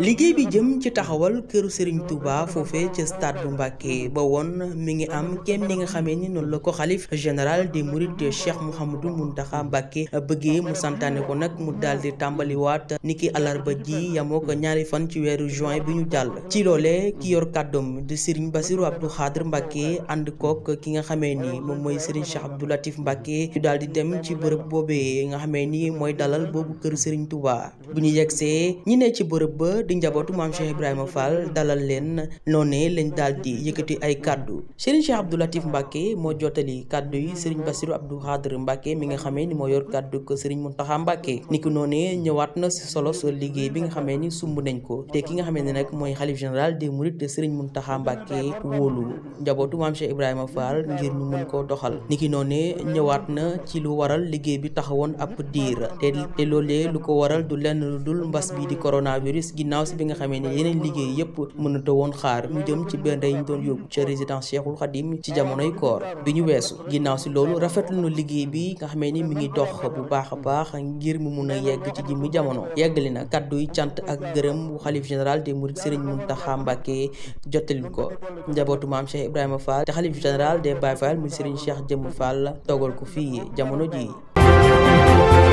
liggéey bi jëm ci taxawal këru Serigne Touba foofe ca stade bu Mbàkke ba woon mi ngi am kenn ni nga xamee ni noonu la ko xalif général des mourides Cheikh Mouhamadou Mountakha Mbàkke bëggee mu santaane ko nag mu daal di tàmbaliwaat niki alarba ji yamoo ko ñaari fan ci weeru juin bi ñu jàll ci loolee ki yor kàddoom di Serigne Bassirou Abdou Khadre Mbàkke ànd kook ki nga xamee ni moom mooy Serigne Cheikh Abdou Latif Mbàkke ñu daal di dem ci bërëb boobee nga xamee ni mooy dalal boobu këru Serigne Touba di njabootu maam Cheikh Ibrahima Fall dalal leen noonee lañ daal di yëkkati ay kàddu Serigne Cheikh Abdou Latif Mbacke moo jottali kàddu yi Serigne Bassirou Abdou Khadre Mbacke mi nga xamee ni moo yor kàddu ko Serigne Mountakha Mbacke ni ko noonee ñëwaat na solo sa liggéey bi nga xamee ni sumb nañ ko te ki nga xamee ne nag mooy xalif général des mourides Serigne Mountakha Mbacke wóolu njabootu maam Cheikh Ibrahima Fall ngir ñu mën koo doxal ni ki noonee ñëwaat na ci lu waral liggéey bi taxawoon ab diir te te loolee lu ko waral du lenn dul mbas bi di coronavirus gi ginnaaw si bi nga xamee ne yeneen liggéey yëpp mënata woon xaar mu jëm ci benn yi ñu doon yóbbu ca résidence Cheikhul Khadim ci jamonoy koor bi ñu weesu ginnaaw si loolu rafetlu nu liggéey bi nga xamee ni mi ngi dox bu baax a baax ngir mu mun a yegg ci jimmi jamono yeggali na kàdduy cant ak gërëm bu xalif général des mourides mun Mountakha Mbacké jottalil ko njabootu maam Cheikh Ibrahima fal te xalif général de Baye Fall muy Serigne Cheikh Jëmm Fall toogal ko fii jamono ji